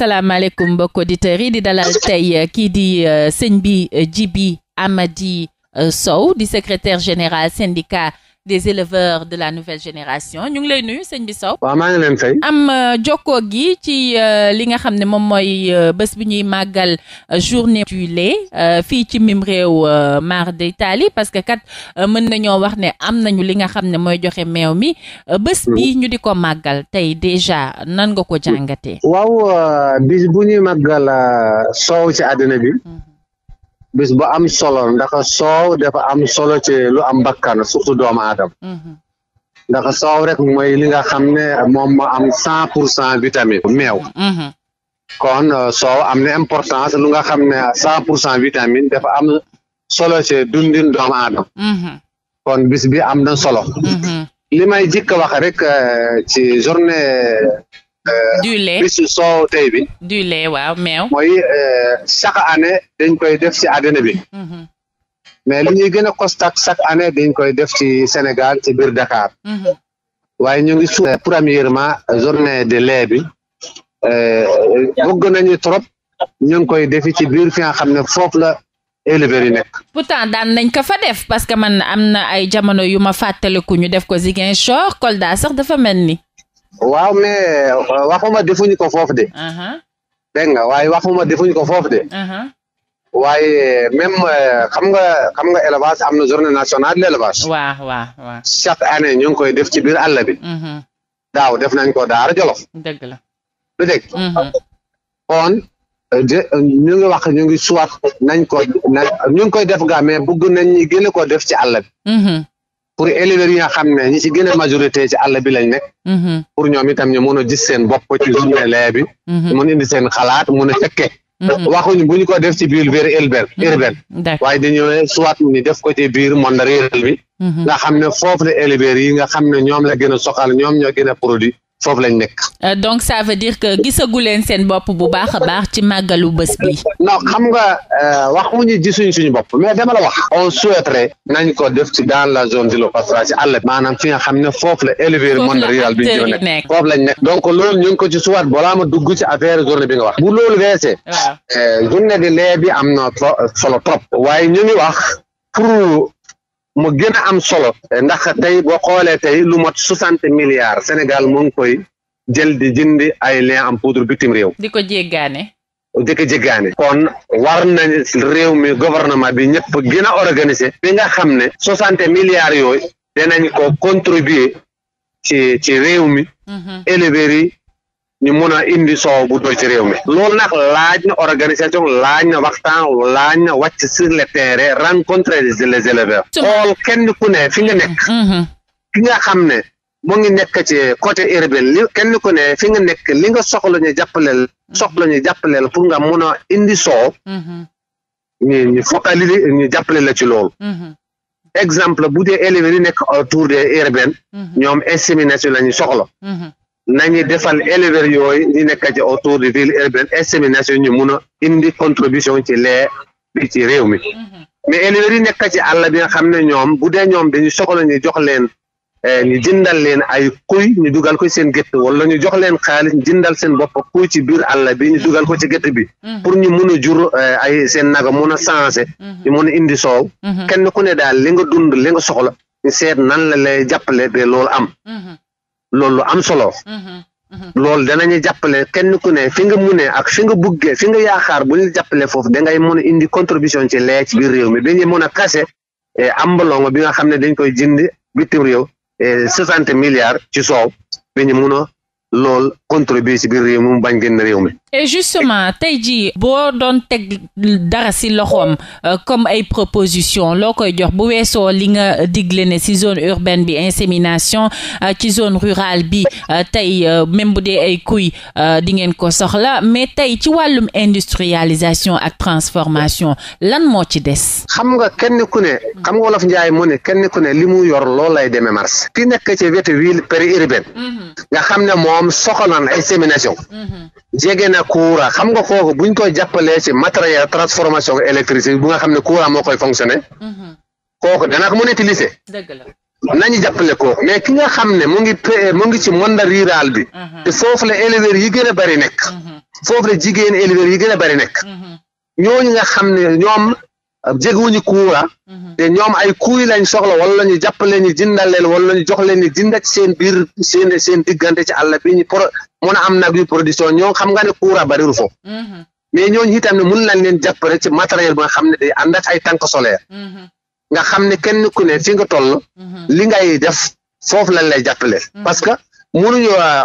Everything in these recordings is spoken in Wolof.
salaamaaleykum mbokk auditeurs yi di dalal tey euh, kii di euh, sëñ bi euh, Djiby di Sow di secrétaire général syndicat des éleveurs de la nouvelle génération ñu ngi lay nuyu sëñ bi Sow. waaw maa ngi leen fay. am euh, jokkoo gi ci euh, li nga xam ne moom mooy euh, bés bi ñuy màggal journée du lait fii ci mim réew mar d'Italie parce que kat mën nañoo wax ne am nañu li nga xam ne mooy joxe meew mi bés bi mm-hmm. ñu di ko màggal tey déjà nan nga ko jàngatee. waaw bis bu ñuy màggal soow ci àddina bi. Mm-hmm. bis bu am solo ndax soow dafa am solo ci lu am bakkan surtout doomu aadama mhm. ndax soow rek mooy liga nga xam ne moom moo am cent pour cent vitamine meew mhm. kon euh, soow am na importance lu nga xam ne cent pour cent vitamine dafa am solo ci dundin doomu aadama mhm. kon bis bi am na solo li may jikk wax rek euh, ci journée du lait bisu soow tey bi du lait waaw meew mooy euh, chaque année dañ koy def ci àddina bi mm-hmm. mais li ñuy gëna a constat chaque année dañ koy def ci Sénégal ci biir Dakar mm-hmm. waaye ñu ngi su premièrement journée de lait bi euh, bëgg nañu trop ñu koy defi ci biir fi nga xam ne foofu la éleveurs nekk. pourtant daan nañ ko fa def parce man am na ay jamono yu ma fàttaliku ñu def ko Ziguinchor Kolda sax dafa mel ni. waaw mais euh, waxuma defuñ ko foofu de uh-huh. dégg nga waaye waxuma defuñ ko foofu de uh-huh. waaye même euh, xam nga xam nga élevage am na journée nationale de l'élevage waaw waaw waaw chaque année ñu ngi koy def ci biir àll bi uh-huh. daaw def nañ ko daara jolof dëgg la du ñu ngi wax ñu ngi nañ ko nañ ñu ngi koy def gaa mais bëgg nañ ñu gën def ci àll bi pour éleveurs yi nga xam ne ñi ci gën a majorité ci àll bi lañ nekk mm-hmm. pour ñoom itam ñu mun a gis seen bopp ci journée lee bi mm-hmm. mun indi seen xalaat mun a fekke mm-hmm. waxuñ bu ñu ko def ci biir biir urbaine waaye dañoo soit ñu def ko ci biir monde rural bi nga xam ne foofu la éleveurs yi nga xam ne ñoom la gën a soxal ñoom ñoo gën a produit foofu lañ nekk. Euh, donc ça veut que gisagu leen seen bopp bu baax a baax ci màggalu bés bi. non xam nga euh, waxuñu gisuñ suñu bopp mais dama la wax. on souhaiterait nañ ko def ci dans la zone de l' Opatra ci maanaam fi nga xam ne foofu la éleveur monde rural bi ñu lañ nekk. loolu ñu ngi ko ci suwaat balaa ma dugg ci affaire journée bi nga wax. bu loolu weesee. waaw euh, journée de lait bi am na solo trop. waaye ñu wax pour. mu gën a am solo ndax tey boo xoolee tey lu mot soixante milliards Sénégal mu koy jël di jëndi ay lin am poudre bitim réew. di ko jéggaane. di ko jéggaane. kon war na réew mi governement bi ñëpp gën a organiser. bi nga xam ne soixante milliards yooyu danañ ko contribuer ci ci réew mi. Mhm. éleveurs ñu mun a indi soow bu doy ci réew mi loolu nag laaj na organisation laaj na waxtaan laaj na wàcc sur le terrain rencontrer les éleveurs kenn ku ne fi nga nekk mm-hmm. Mm-hmm. ki nga xam ne moo ngi nekk ci côté urbain li kenn ku ne fi nga nekk li nga soxla ñu jàppaleel soxla ñu la pour nga mun indi soow mm-hmm. ñu ñu focaliser ñu jàppale la ci lool exemple bu dee éleveurs yi nekk autour des urbains ñoom insémination la ñu soxla nañu defal éleveurs yooyu ñu nekk ci autour de ville urbaine insémination ñu mun a indi contribution ci lee bi ci réew mi mhm. mais éleveurs yi nekk ci àll bi nga xam ne ñoom bu dee ñoom dañu soxla ñu jox leen eh, ñu jëndal leen ay kuy ñu dugal ko seen gétt wala ñu jox leen xaalis ñu jëndal seen bopp kuy ci biir àll bi ñu dugal ko ci gétt bi mhm. pour ñu mun a jur eh, ay seen naga mun a changé mhm. ñu mun indi soow kenn ku ne daal li nga dund li nga soxla ñu seet nan la lay jàppale ba loolu am loolu am solo. Mm-hmm. Mm-hmm. loolu danañu jàppale kenn ku ne fi nga munee ak fi nga buggee fi nga yaakaar bu ñu jàppale foofu dangay mën a indi contribution ci lee ci biir réew mi dañuy mën a kase am mbalongo bi nga xam ne dañ koy jënd bitim réew eh, soixante milliards ci sow bi ñu a lool contribuer si biir bañ génn réew mi. et justement tey jii boo doon teg dara si loxoom euh, comme ay proposition loo koy jox bu weesoo li nga digle ne si zone urbaine bi insémination euh, ci zone rural bi euh, tey même bu dee ay kuy di ngeen ko soxla mais tey ci wàllum industrialisation ak transformation lan moo ci des. xam nga kenn ku ne. xam nga wolof Njaay mu ne kenn ku ne li mu yor loolu lay demee mars. ki nekk ci wetu ville périurbaine. Mhm. nga xam ne moo moom soxla na insémination mhm. jege na courant xam nga kooku buñ koy jàppalee ci matériel transformation électricité bu nga xam ne courant moo koy fonctionner mhm. kooku dana ko a utiliser nañu jàppale kooku mais ki nga xam ne mu ngi mu ngi ci monde bi mhm. te foofu la éleveur a bari nekk foofu jigéen éleveur yi a bari nekk ñooñu nga xam ne ñoom jegewuñu courant mhm. te ñoom ay kuy lañ soxla wala ñu jàppale ñu jëndal leen wala ñu jox leen ñu jëndat seen biir seen seen diggante ci àll bi ñu pro mën a am nag yu production ñoo xam nga ne courant bariwul foofu mhm. mais ñooñu itam ne mun nañ leen jàppale ci matériel bi xam ne day ànd ay tank solaire mhm. nga xam ne kenn ku ne toll li ngay def foofu lañ lay jàppale parce que mënuñu euh,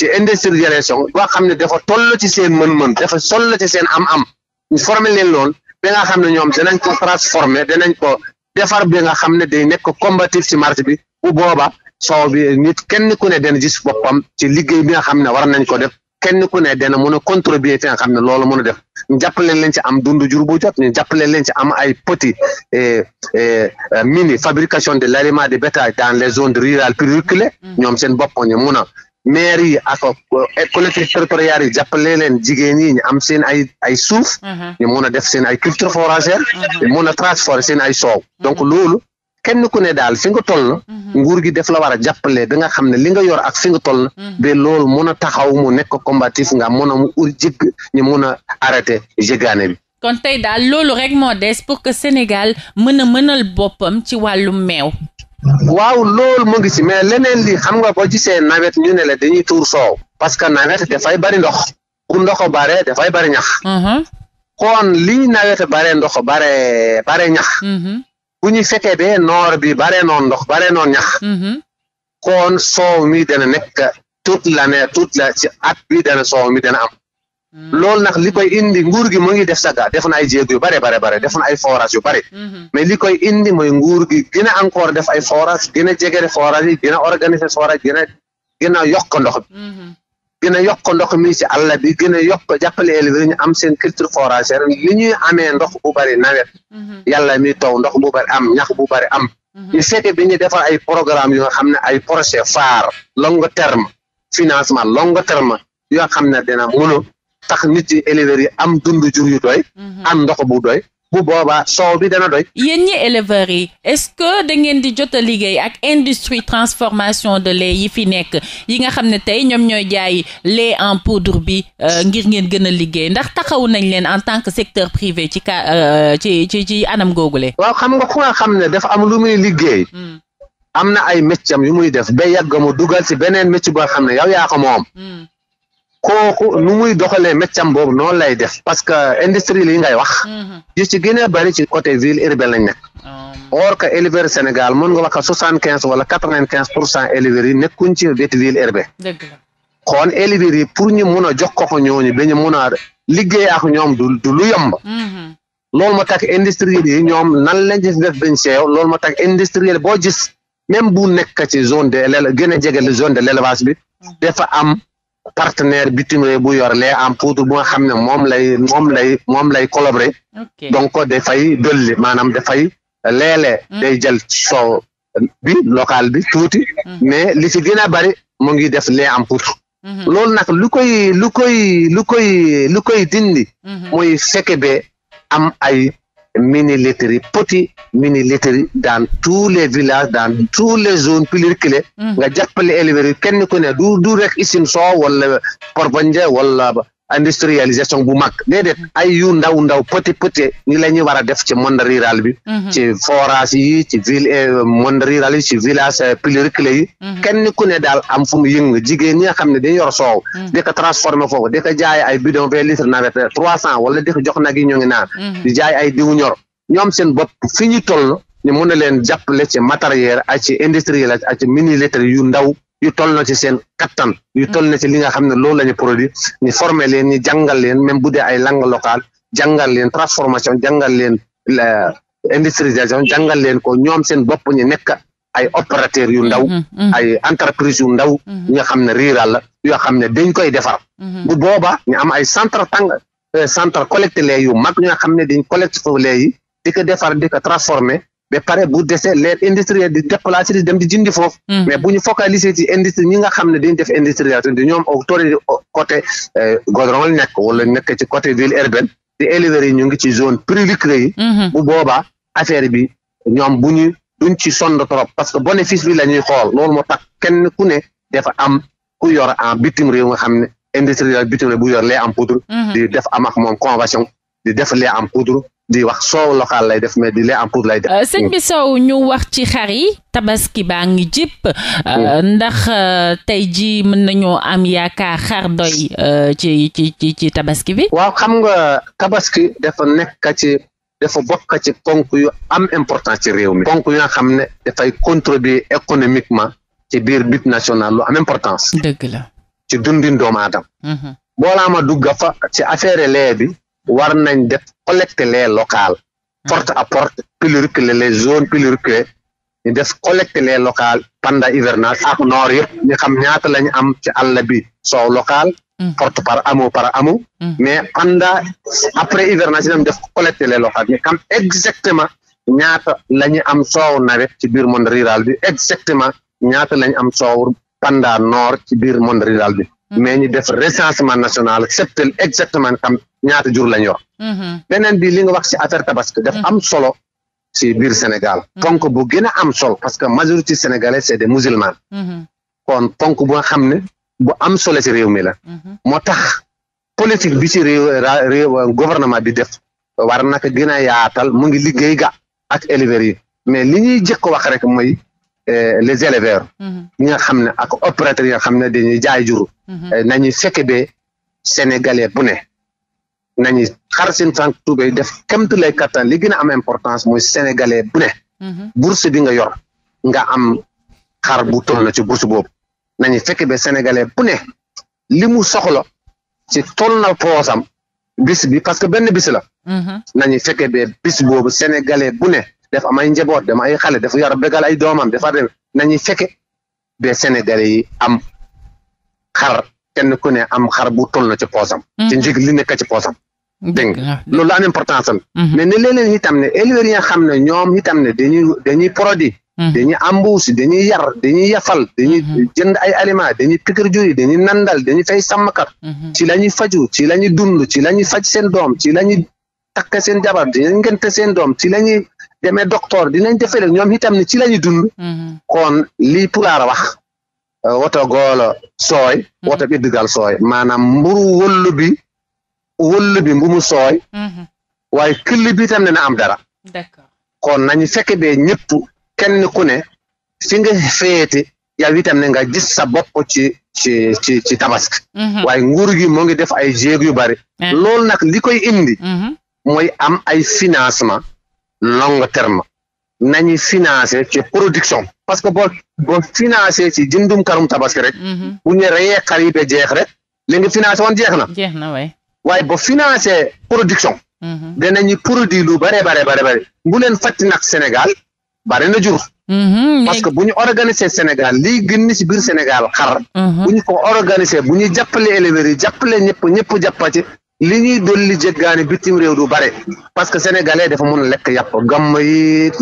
ci industrialisation ba xam ne dafa toll ci seen mën-mën dafa toll ci seen am-am ñu former leen lool ba nga xam ne ñoom danañ ko transformer danañ ko defar bi nga xam ne day nekk combatif ci marché bi bu booba soow bi nit kenn ku ne dana gis boppam ci liggéey bi nga xam ne war nañ ko def kenn ku ne dana mën a contribuer fi nga xam ne lool mën a def ñu jàppale leen ci am dundu jur bu jot ñu jàppale leen ci am ay petit euh, mini fabrication de l'aliment de bétail maire yi ak collectivités territoriales yi jàppale leen jigéen ñi ñu am seen ay ay suuf mhm. ñu mun a def seen ay culture fourragère mhm. mun a transformer seen ay soow donc mhm. loolu kenn ku ne daal fi nga toll nguur gi def la war a jàppale ba nga xam ne li nga yor ak fi nga toll ba loolu mun a taxaw mu nekk combatif nga mun a mu ur jëgg ñu mun a arrêté jéggaane bi kon tey daal loolu rek moo des pour que Sénégal mën a mënal boppam ci wàllum meew waaw loolu moo ngi si mais leneen li xam nga boo gisee nawet ñu ne la dañuy tuur soow parce que nawet dafay bari ndox bu ndox bare dafay bari ñax uh-huh. kon li nawet bare ndox bare bare ñax uh-huh. bu ñu fekkee be noor bi bare noon ndox bare noon ñax uh-huh. kon soow mi dana nekk toute l'année toute la ci at bi dana soow mi dana am Hmm. loolu nag li koy indi nguur gi mu ngi def saga def na ay jéego yu bare bare bare def na ay forage yu bare hmm. mais li koy indi mooy nguur gi gën a encore def ay forage gën a jegere forage yi gën a organiser forage gën a gën a yokk ndox hmm. gën a yokk ndox mi ci àll bi gën a yokk jàppale éleveur ñu am seen culture foragère li ñuy ame ndox bu bari nawet yàlla mi tow ndox bu bari am ñax bu bari am ñu fekkee bi ñu defar ay programme yoo xam ne ay projet phare long terme financement long terme yoo xam ne dina munu tax nit yi éleveurs yi am dund jur yu doy mhm. am ndox bu doy bu boobaa soow bi dana doy yéen ñi éleveurs yi est-ce que da ngeen di jot liggéey ak industrie transformation de lait yi fi nekk yi nga xam ne tey ñoom ñooy jaay lait en poudre bi euh, ngir ngeen gën a liggéey ndax taxaw nañ leen en tant que secteur privé ci ka euh, ci ci ci anam googule waaw xam nga ku nga xam ne dafa am lu muy liggéey hmm. am na ay méccam yu muy def ba yàgg mu dugal ci beneen mécc boo xam ne yow yaa ko moom hmm. kooku nu muy doxalee méccam boobu noonu lay def parce que industrie li ngay wax mm-hmm. yu ci gën a bari ci côté ville urbaine lañ nekk um. or que éleveur Sénégal mën nga wax que soixante quinze wala quatre vingt quinze pour cent éleveurs yi nekkuñ ci wet ville urbaine kon éleveurs yi pour ñu mën a jox ko ko ñooñu ba ñu mun a liggéey ak ñoom du du lu yomb mm-hmm. loolu moo tax industriel yi ñoom nan lañ ci def bañ seew loolu moo tax industriel boo gis même bu nekk ci zone de l' gën a jege zone de élevage bi mm-hmm. dafa am partenaire bitim réew bu yor lait en poudre bu nga xam ne moom lay moom lay moom lay collaborer donc dafay dolli maanaam dafay léeg-léeg mm. day jël soow bi local bi tuuti mm. mais li ci gën a bari mu ngi def le en poudre mm-hmm. loolu nag lu koy lu koy lu koy lu koy dindi mm-hmm. muy fekke be am ay mini-literie petit mini-literie dans tous les villages dans tous les zones piliers mm. nga jàppale éleveurs yi kenn ku ne du du rek Issinso wala Porbandia wala industrialisation bu mag déedéet ay yu ndaw ndaw petit petit ni la ñuy war a def ci monde bi mhm. ci forage yi ci ville eh, monde rural yi ci village eh, pluriclé yi mhm. kenn ku ne daal am fu mu yëng jigéen ñi nga xam ne dañ yor soow mhm. di ko transformé foofu di ko jaay ay bidon vingt litres nawet eh, trois cent wala di jox nag yi di jaay ay diw ñor ñoom seen bopp fi ñu toll ñu mën a leen ci matériel ak ci industriel ak ci mini yu ndaw yu toll na ci seen kattan yu toll na ci li nga xam ne loolu la ñu produit ñu former leen ñu jàngal leen même bu dee ay langue locale jàngal leen transformation jàngal leen industrialisation jàngal leen ko ñoom seen bopp ñu nekk ay opérateurs yu ndaw mm-hmm, mm-hmm. ay entreprise yu ndaw mm-hmm. yu nga xam ne rural la yoo xam ne dañ koy defar bu booba ñu am ay centre tàng euh, centre collecte lait yu mag ñu nga xam ne dañ collecte foofu lait yi di ko defar di ko ba pare bu desee les industriels di déplacé di dem di jindi foofu. Hmm. mais bu ñu focaliser ci industrie ñi nga xam ne dañu def industrialisation di ñoom au tour côté euh, goudron nekk wala nekk ci côté ville urbaine di éleveurs yi ñu ngi ci zone périphérique yi. Hmm. bu boobaa affaire bi ñoom bu ñu duñ ci sonn trop parce que bénéfice bi la ñuy xool lool moo tax kenn ku ne dafa am ku yor en bitim réew nga xam ne industriel bitim réew bu yor lait am poudre. Hmm. di def am ak moom convention di def lait en poudre di wax soow local lay def mais di lait en poudre lay def. Euh, sëñ bi Sow ñu wax ci xar yi tabaski baa ngi jip euh, hmm. ndax euh, tey ji mën nañoo am yaakaar xar doy ci ci ci ci tabaski bi. waaw xam nga tabaski dafa nekk ci. dafa bokk ci ponk yu am importance ci réew mi ponk yu nga xam ne dafay contribuer économiquement ci biir but national lu am importance dëgg la ci dundin doomu aadam mm-hmm. boolaa dugga fa ci affaire lee war nañ def collecte les locale hmm. porte à porte pluriculer les zone pluriculées ñu def collecte les locales pendant hivernage ak noor yëpp ñu xam ñaata lañu am ci àll bi soow local hmm. porte par amoo par amoo hmm. mais pendant après hivernage ñu def collecte les locales ñu xam exactement ñaata la ñu am soow nawet ci biir monde rural bi exactement ñaata la am soow pendant noor ci biir monde rural bi Mm-hmm. mais ñu def recensement national septel exactement xam ñaata jur lañ yor mm-hmm. beneen bi li nga wax ci affaire tabaski daf am mm-hmm. solo ci biir Sénégal ponk bu gën a am solo parce que majorité sénégalais c'est des musulmans kon ponk bu xam ne bo am solo ci réew mi la moo tax politique bi ci réew réew gouvernement bi def war naka gën a yaatal mu ngi liggéey ga ak éleveurs yi mais li ñuy jëkk wax rek mooy Euh, les éleveurs. Mhm. ñi nga xam ne ak opérateurs yi nga xam ne dañuy jaay jur. Mhm. Euh, nañu fekke be sénégalais bu ne nañu xar seen tànk tuubéy def kemt lay kattan li gën a am importance mooy sénégalais bu ne. Mhm. bi nga yor nga am xar bu toll na ci bourse boobu nañu fekke be sénégalais bu ne li mu soxla ci toll na poosam bis bi parce que benn bis la. nañu fekke be bis boobu sénégalais def am ay njaboot dama ay xale dafa yor bégal ay doomam dafa dem nañu fekke ba Sénégalais yi am xar kenn ku ne am xar bu toll na ci poosam. Mhm. ci njëg li nekk ci poosam. dégg nga loolu am importance am. Mhm. mais ne léeg-léeg itam ne éleveurs yi nga xam ne ñoom itam ne dañuy dañuy produit. Mhm. dañuy embauche dañuy yar dañuy yafal dañuy jënd ay aliments dañuy pikir jur yi dañuy nandal dañuy fay sàmmkat. ci la ñuy faju ci la ñuy dund ci faj seen doom ci la ñuy seen jabar ci la ñuy seen doom ci demee docteur dinañ defee rek ñoom itam ne ci la ñu dund mhm. kon lii pulaar a wax euh, woto goolo sooy mhm. woto ɓeddugal sooy maanaam mburu wëllu bi wëllu bi mbumu sooy mhm. waaye këll bi itam dina am dara kon nañu fekke bee ñëpp kenn ku ne fi nga féete yow itam ne nga gis sa bopp ci ci ci ci tabaski waaye nguur gi moo ngi def ay jéeg yu bari eh. loolu nag li koy indi mooy am ay financement long terme nañu financer ci production parce que boo boo financer ci jëndum karum tabaski rek mhm. bu ñu reyee xar yi ba jeex rek li nga financé woon jeex na jeex na waay waaye boo financer production mhm. danañu produit lu bare bare bare bare bu leen fàtti nag Sénégal bare na jur mhm, parce que bu ñu organiser Sénégal lii gën ni ci biir Sénégal xar bu ñu ko organiser bu ñu jàppale éleveurs yi jàppale ñëpp ñëpp ci li ñuy dolli jéggaani bitim réew du bare parce que sénégalais dafa mun lekk yàpp gam yi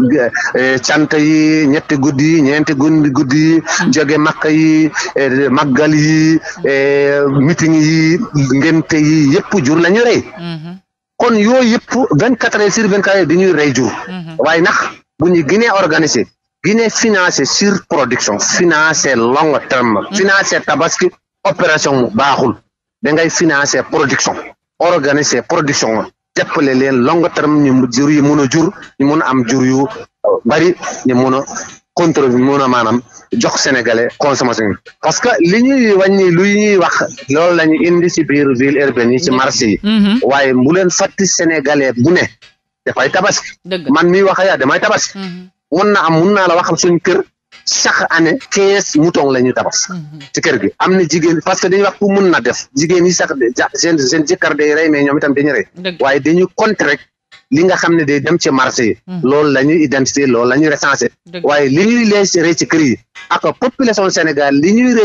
eh, cant yi ñetti guddi yi ñeenti guddi guddi yi jóge makka yi eh, màggal yi eh, meeting yi ngénte yi yëpp jur la ñu rey mm-hmm. kon yooyu yëpp vingt quatre heures sur vingt quatre heures di ñuy rey jur mm-hmm. waaye nax bu ñu Guinée organisé Guinée financé sur production financé long terme mm-hmm. financé tabaski opération mu baaxul dangay ngay production organiser production jàppale leen long terme ñu jur yi mun a jur ñu mun a am jur yu bari ñu mun a contrôle bi mun a maanaam jox sénégalais parce que li ñuy lu ñuy wax loolu la ñu indi ci biir ville urbaine yi ci marché yi mm-hmm. waaye bu leen fàtti sénégalais bu ne dafay tabaski man mi wax yaa damay tabaski mm-hmm. mun na am mun naa la waxal suñ kër chaque année quinze mouton la ñu tabax mhm. ci kër gi am na jigéen parce que dañuy wax ku mun na def jigéen yi sax seen seen jëkkër day rey mais ñoom itam dañu rey waaye dañu compte li nga xam ne day dem ci marché yi mhm. loolu la ñuy identifier loolu la li ñuy lees rey ci kër yi ak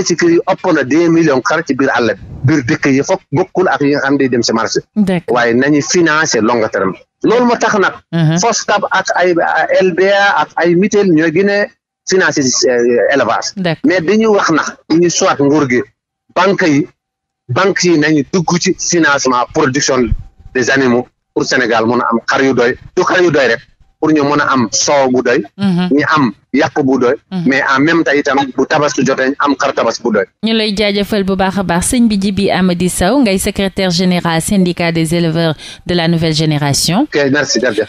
ci kër yi ëpp na yi foog bokkul ak yi nga xam ne day dem ci marché waaye nañu financé long terme loolu moo tax nag mhm. FOSCAB ak ay ak ay mutuelle ñooy gën a financer euh, élevage. mais dañuy wax na ñu soit nguur gi banque yi banque yi nañu dugg ci financement production des animaux pour Sénégal mun a am xar yu doy du xar yu doy rek pour ñu mun a am soow bu doy. Mhm. ñu am yaq bu doy. Mhm. mais en même temps itam bu tabaski jotee ñu am xar tabaski bu doy. ñu lay jaajëfal bu baax a baax sëñ bi Djiby Amady Sow ngay secrétaire général syndicat des éleveurs de la nouvelle génération. ok merci jërëjëf.